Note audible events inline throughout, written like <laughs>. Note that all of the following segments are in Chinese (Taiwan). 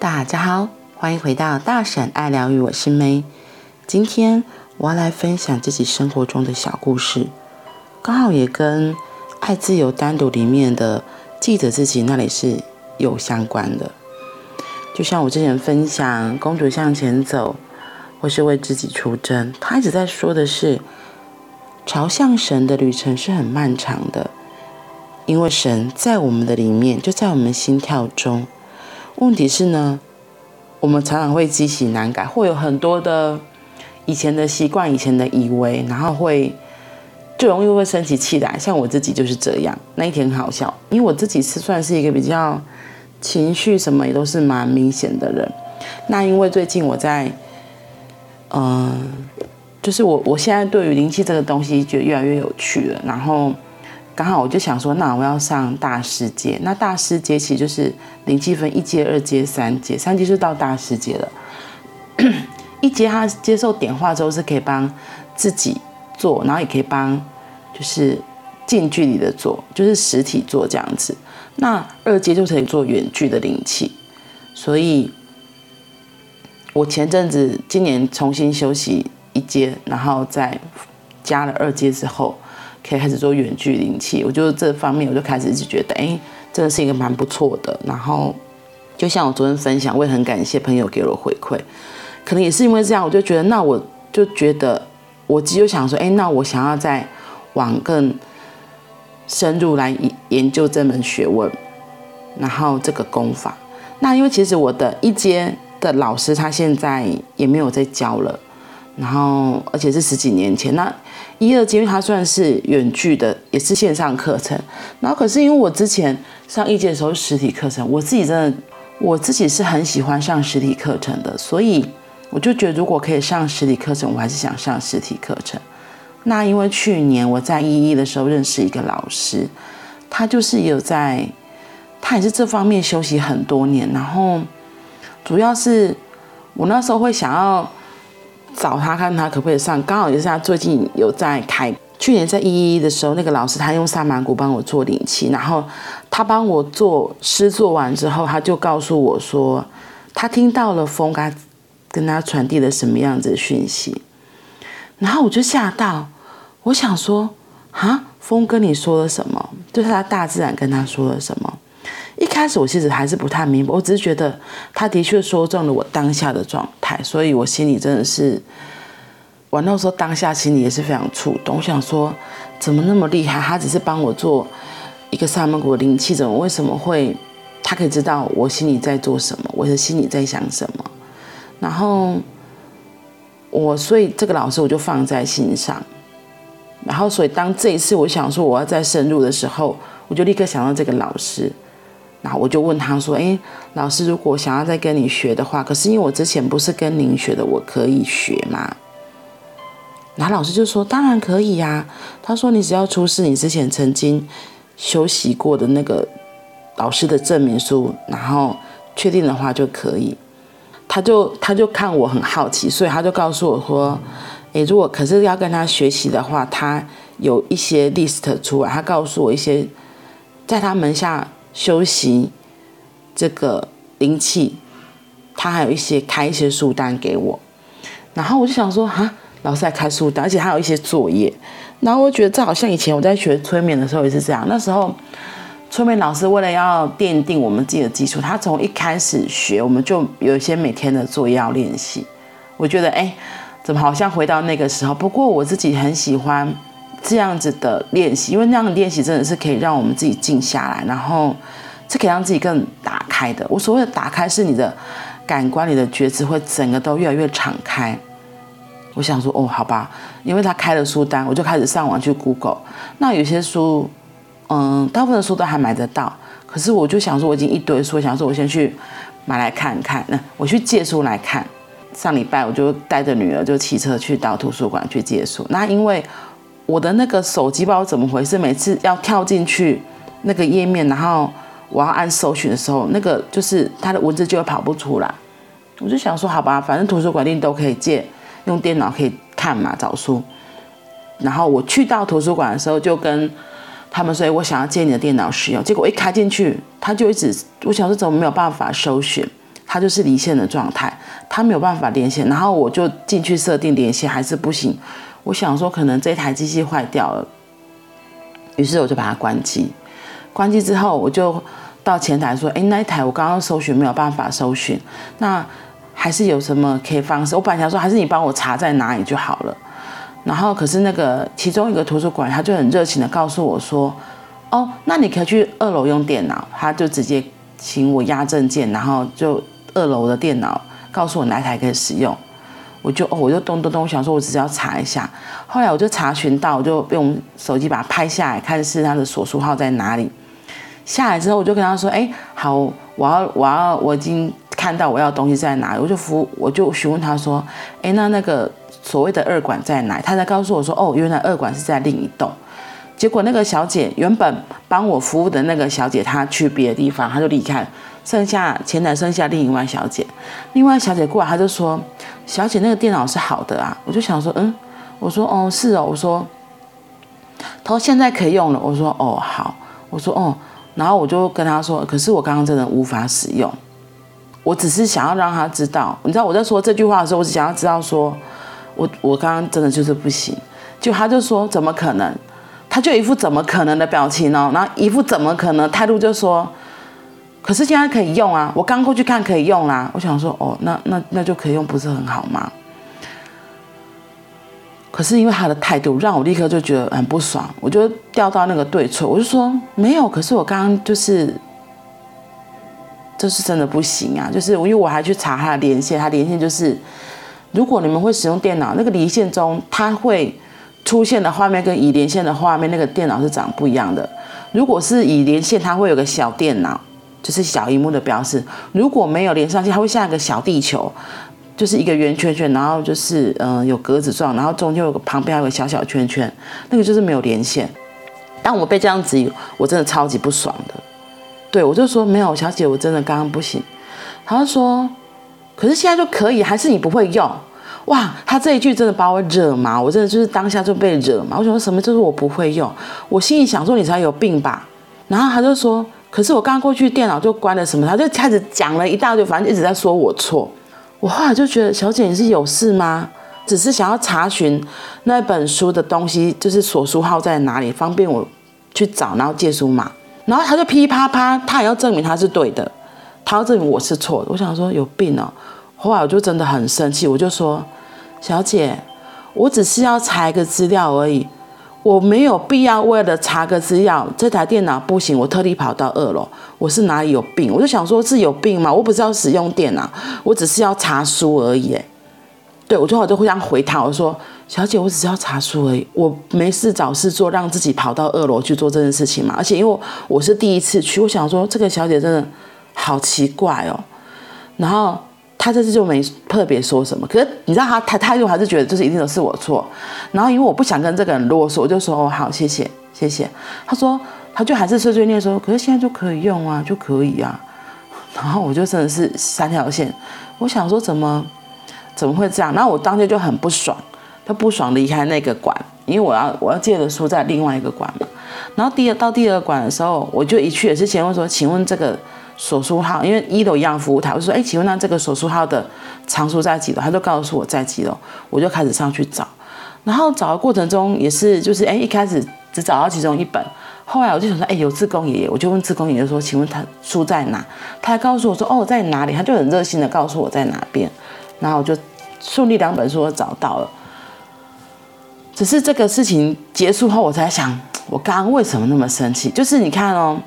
大家好，歡迎回到大嬸愛療癒，我是 May。今天我要來分享自己生活中的小故事，剛好也跟《愛自由》單獨裡面的“記得自己”那裡是有相關的。就像我之前分享“公主向前走”或是為自己出征，他一直在說的是，朝向神的旅程是很漫長的，因為神在我們的裡面，就在我們心跳中。問題是呢，我們常常會積習難改，會有很多的以前的習慣、以前的以為，然後會最容易會生起氣來。像我自己就是這樣。那一天很好笑，因為我自己是算是一個比較情緒什麼也都是蠻明顯的人。那因為最近我在，嗯、呃，就是我我現在對於靈氣這個東西覺得越來越有趣了，然後。剛好我就想說，那我要上大師階。那大師階其實就是靈氣分一階、二階、三階，三階就到大師階了。 <coughs> 一階他接受點化之後是可以幫自己做，然後也可以幫，就是近距離的做，就是實體做這樣子。那二階就可以做遠距的靈氣。所以我前陣子今年重新休息一階，然後再加了二階之後。可以開始做遠距離靈氣，我就這方面我就開始就覺得，哎、欸，真的是一個蠻不錯的。然後就像我昨天分享，我也很感謝朋友給我回饋，可能也是因為這樣，我就覺得，那我就覺得，我只有想說，哎、欸，那我想要再往更深入來研究這門學問，然後這個功法。那因為其實我的一階的老師他現在也沒有在教了。然後，而且是十幾年前，那一二階它算是遠距的，也是線上課程。然後，可是因為我之前上一階的時候是實體課程，我自己真的，我自己是很喜歡上實體課程的，所以我就覺得如果可以上實體課程，我還是想上實體課程。那因為去年我在一一的時候認識一個老師，他就是有在，他也是這方面修習很多年，然後主要是我那時候會想要。找他看他可不可以上，剛好也是他最近有在開。去年在一一一的時候，那個老師他用薩滿鼓幫我做靈氣，然後他幫我做詩做完之後，他就告訴我說，他聽到了風，跟他跟他傳遞了什麼樣子的訊息，然後我就嚇到，我想說，啊，風跟你說了什麼？就是他大自然跟他說了什麼？一開始我其實還是不太明白，我只是覺得他的確說中了我當下的狀態，所以我心裡真的是，我那時候當下心裡也是非常觸動。我想說，怎麼那麼厲害？他只是幫我做一個薩滿國靈氣，者，我為什麼會他可以知道我心裡在做什麼，我的心裡在想什麼？然後我所以這個老師我就放在心上，然後所以當這一次我想說我要再深入的時候，我就立刻想到這個老師。那我就問他說：“哎，老師，如果想要再跟你學的話，可是因為我之前不是跟您學的，我可以學嗎？”然後老師就說：“當然可以呀、啊。”他說：“你只要出示你之前曾經修習過的那個老師的證明書，然後確定的話就可以。”他就他就看我很好奇，所以他就告訴我說：“誒、哎，如果可是要跟他學習的話，他有一些 list 出來，他告訴我一些在他門下。”休息，這個靈氣，他還有一些開一些書單給我，然後我就想說蛤，老師在開書單，而且他還有一些作業，然後我覺得這好像以前我在學催眠的時候也是這樣，那時候催眠老師為了要奠定我們自己的基礎，他從一開始學我們就有一些每天的作業要練習，我覺得哎、欸，怎麼好像回到那個時候？不過我自己很喜歡。這樣子的練習，因為那樣的練習真的是可以讓我們自己靜下來，然後是可以讓自己更打開的。我所謂的打開，是你的感官、你的覺知會整個都越來越敞開。我想說，哦，好吧，因為他開了書單，我就開始上網去 Google。那有些書，嗯，大部分的書都還買得到，可是我就想說，我已經一堆書，想說我先去買來看看。那我去借書來看。上禮拜我就帶着女兒就騎車去到圖書館去借書。那因為我的那個手機不知道怎麼回事，每次要跳進去那個頁面，然後我要按搜尋的時候，那個就是它的文字就會跑不出來。我就想說，好吧，反正圖書館裡都可以借,用電腦可以看嘛，找書。然後我去到圖書館的時候，就跟他們說，我想要借你的電腦使用。結果一開進去，他就一直，我想說怎麼沒有辦法搜尋，他就是離線的狀態，他沒有辦法連線。然後我就進去設定連線，還是不行。我想說，可能這台機器壞掉了，於是我就把它關機。關機之後，我就到前台說：“誒，那一台我剛剛搜尋沒有辦法搜尋，那還是有什麼可以方式？”我本來想說，還是你幫我查在哪裡就好了。然後，可是那個其中一個圖書館，他就很熱情的告訴我說：“哦，那你可以去二樓用電腦。”他就直接請我押證件，然後就二樓的電腦告訴我哪一台可以使用。我就哦，我就咚咚咚，我想說，我只是要查一下。後來我就查詢到，我就用手機把它拍下來，看是它的索書號在哪裡。下來之後，我就跟他說：“哎、欸，好，我要，我要，我已經看到我要的東西在哪裡。”我就服，我就詢問他說：“哎、欸，那那個所謂的二館在哪裡？”他才告訴我說：“哦，原來二館是在另一棟。”結果那個小姐，原本幫我服務的那個小姐，她去別的地方，她就離開了。剩下前台，剩下另一位小姐。另外小姐過來，她就說：“小姐，那個電腦是好的啊。”我就想說：“嗯，我說哦是哦。”我說：“她說現在可以用了。我哦”我說：“哦好。”我說：“哦。”然後我就跟她說：“可是我剛剛真的無法使用，我只是想要讓她知道，你知道我在說這句話的時候，我只想要知道說，我我剛剛真的就是不行。”就她就說：“怎麼可能？”她就一副“怎麼可能”的表情哦，然後一副“怎麼可能”態度就說。可是現在可以用啊！我剛過去看可以用啦，啊。我想說，哦，那那那就可以用，不是很好嗎？可是因為他的態度，讓我立刻就覺得很不爽，我就掉到那個對錯。我就說沒有，可是我剛剛就是，這是真的不行啊！就是因為我還去查他的連線，他連線就是，如果你們會使用電腦，那個離線中它會出現的畫面跟已連線的畫面，那個電腦是長不一樣的。如果是已連線，它會有個小電腦。就是小熒幕的標示，如果沒有連上去，它會像一個小地球，就是一個圓圈圈，然後就是嗯、呃、有格子狀，然後中間有個旁邊有個小小圈圈，那個就是沒有連線。當我被這樣子，我真的超級不爽的。對，我就說沒有小姐，我真的剛剛不行。他就說，可是現在就可以，還是你不會用？哇，他這一句真的把我惹毛，我真的就是當下就被惹毛。我想說什麼，就是我不會用，我心裡想說你才有病吧。然後他就說。可是我剛過去，電腦就關了，什麼他就開始講了一大堆，反正一直在說我錯。我後來就覺得，小姐你是有事嗎？只是想要查詢那本書的東西，就是索書號在哪裡，方便我去找，然後借書嘛。然後他就噼啪啪，他也要證明他是對的，他要證明我是錯的。我想說有病哦！後來我就真的很生氣，我就說，小姐，我只是要查一個資料而已。我沒有必要為了查個資料，這台電腦不行，我特地跑到二樓。我是哪裡有病？我就想說是有病嘛，我不是要使用電腦，我只是要查書而已。對，我最後就會這樣回他，我說：“小姐，我只是要查書而已，我沒事找事做，讓自己跑到二樓去做這件事情嘛。而且因為我是第一次去，我想說這個小姐真的好奇怪哦。”然後。他這次就沒特別說什麼，可是你知道他，他態度還是覺得就是一定都是我的錯。然後因為我不想跟這個人囉嗦，我就說好，謝謝，謝謝。他說，他就還是碎碎念說，可是現在就可以用啊，就可以啊。然後我就真的是三條線，我想說怎麼怎麼會這樣？然後我當天就很不爽，他不爽離開那個館，因為我要我要借的書在另外一個館嘛。然後第二到第二館的時候，我就一去也是先問說，請問這個。索書號，因為一樓一樣服務台，我說：哎，請問那這個索書號的藏書在幾樓？他就告訴我，在幾樓，我就開始上去找。然後找的過程中，也是就是，哎，一開始只找到其中一本，後來我就想說：哎，有志工爺爺，我就問志工爺爺說：請問他書在哪？他還告訴我說：哦，在哪裡？他就很熱心的告訴我在哪邊，然後我就順利兩本書都找到了。只是這個事情結束後，我才想，我剛剛為什麼那麼生氣？就是你看哦。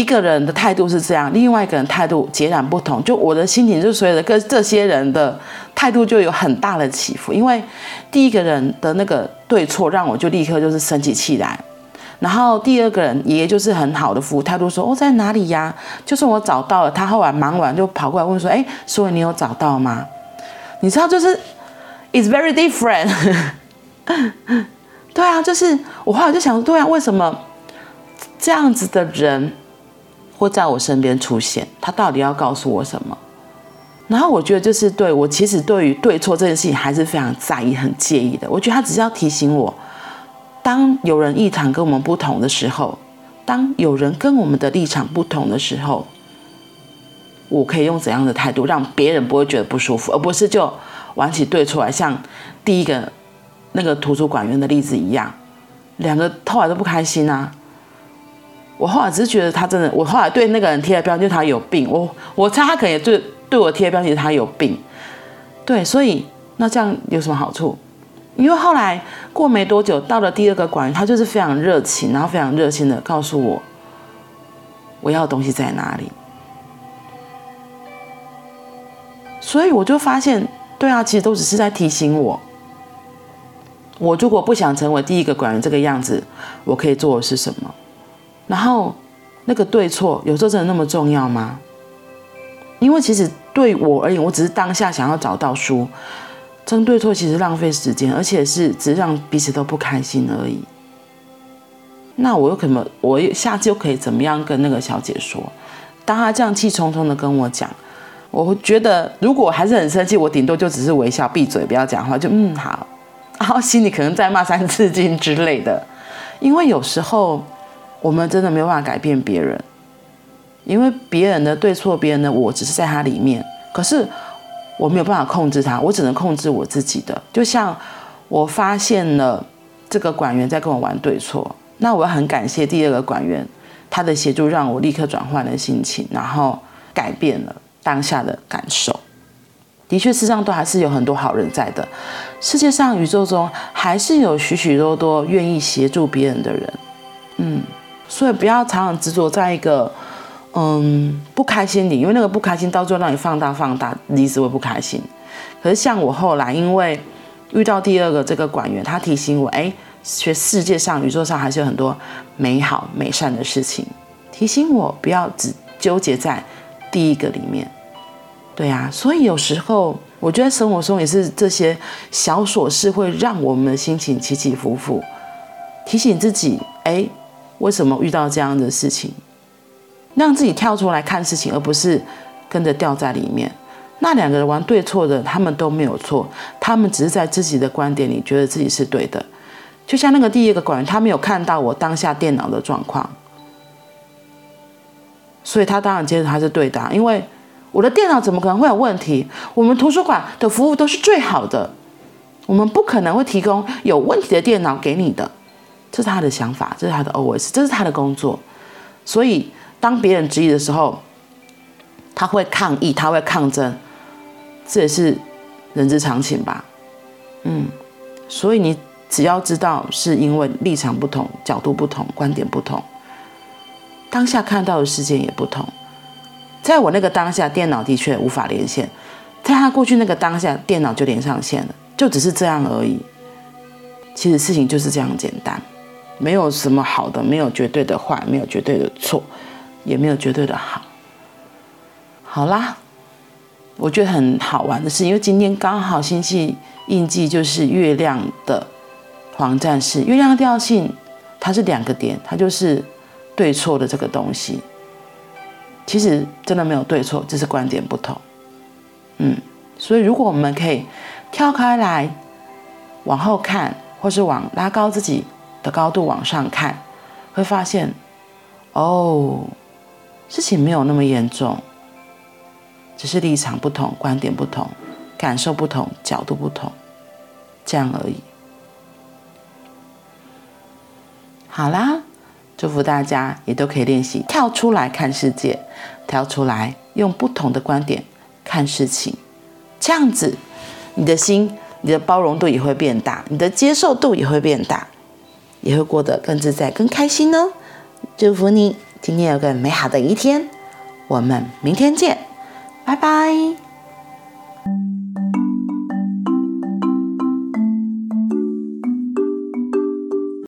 一個人的態度是這樣，另外一個人態度截然不同。就我的心情，就是隨着跟這些人的態度就有很大的起伏。因為第一個人的那個對錯，讓我就立刻就是生起氣來。然後第二個人，爺爺就是很好的服務態度說，說哦，在哪裡呀？就算、是、我找到了，他後來忙完就跑過來問說：“哎，所以你有找到嗎？”你知道，就是 it's very different。 <laughs> 對啊，就是我後來就想，對啊，為什麼這樣子的人？會在我身邊出現，他到底要告訴我什麼？然後我覺得，就是對，我其實對於對錯這件事情還是非常在意、很介意的。我覺得他只是要提醒我，當有人立場跟我們不同的時候，當有人跟我們的立場不同的時候，我可以用怎樣的態度讓別人不會覺得不舒服，而不是就玩起對錯來，像第一個那個圖書館員的例子一樣，兩個後來都不開心啊。我後來只是覺得他真的，我後來對那個人貼的標籤就他有病。我我猜他可能也對對我貼的標籤他有病。對，所以那這樣有什麼好處？因為後來過沒多久，到了第二個館員，他就是非常熱情，然後非常熱心的告訴我我要的東西在哪裡。所以我就發現，對啊，其實都只是在提醒我，我如果不想成為第一個館員這個樣子，我可以做的是什麼？然後，那個對錯有時候真的那麼重要嗎？因為其實對我而言，我只是當下想要找到書，爭對錯其實浪費時間，而且是只讓彼此都不開心而已。那我又怎麼？我又下次又可以怎麼樣跟那個小姐說？當她這樣氣冲冲的跟我講，我會覺得如果還是很生氣，我頂多就只是微笑、閉嘴，不要講話，就嗯好，然後心裡可能在罵三字經之類的。因為有時候。我們真的沒有辦法改變別人，因為別人的對錯，別人的我，只是在他裡面。可是我沒有辦法控制他，我只能控制我自己的。就像我發現了這個管員在跟我玩對錯，那我要很感謝第二個管員他的協助，讓我立刻轉換了心情，然後改變了當下的感受。的確，世上都還是有很多好人在的，世界上、宇宙中還是有許許多多願意協助別人的人。嗯。所以不要常常執着在一個，嗯，不開心裡，因為那個不開心到最後讓你放大放大，你只會不開心。可是像我後來，因為遇到第二個這個管員，他提醒我，哎，學世界上宇宙上還是有很多美好美善的事情，提醒我不要只糾結在第一個裡面。對呀、啊，所以有時候我覺得生活中也是這些小瑣事會讓我們的心情起起伏伏，提醒自己，哎。為什麼遇到這樣的事情，讓自己跳出來看事情，而不是跟着掉在裡面？那兩個人玩對錯的，他們都沒有錯，他們只是在自己的觀點裡覺得自己是對的。就像那個第一個管，他沒有看到我當下電腦的狀況，所以他當然覺得他是對的啊，因為我的電腦怎麼可能會有問題？我們圖書館的服務都是最好的，我們不可能會提供有問題的電腦給你的。這是他的想法，這是他的 OS，這是他的工作。所以，當別人質疑的時候，他會抗議，他會抗爭，這也是人之常情吧？嗯。所以，你只要知道，是因為立場不同、角度不同、觀點不同，當下看到的事件也不同。在我那個當下，電腦的確無法連線；在他過去那個當下，電腦就連上線了，就只是這樣而已。其實事情就是這樣簡單。沒有什麼好的，沒有絕對的壞，沒有絕對的錯，也沒有絕對的好。好啦，我覺得很好玩的是，因為今天剛好星系印記就是月亮的黃戰士。月亮的調性，它是兩個點，它就是對錯的這個東西。其實真的沒有對錯，只、就是觀點不同。嗯，所以如果我們可以跳開來，往後看，或是往拉高自己的高度往上看，會發現，哦，事情沒有那麼嚴重，只是立場不同、觀點不同、感受不同、角度不同，這樣而已。好啦，祝福大家也都可以練習跳出來看世界，跳出來用不同的觀點看事情，這樣子，你的心、你的包容度也會變大，你的接受度也會變大。也會過得更自在、更開心哦。祝福你今天有個美好的一天，我們明天見，拜拜。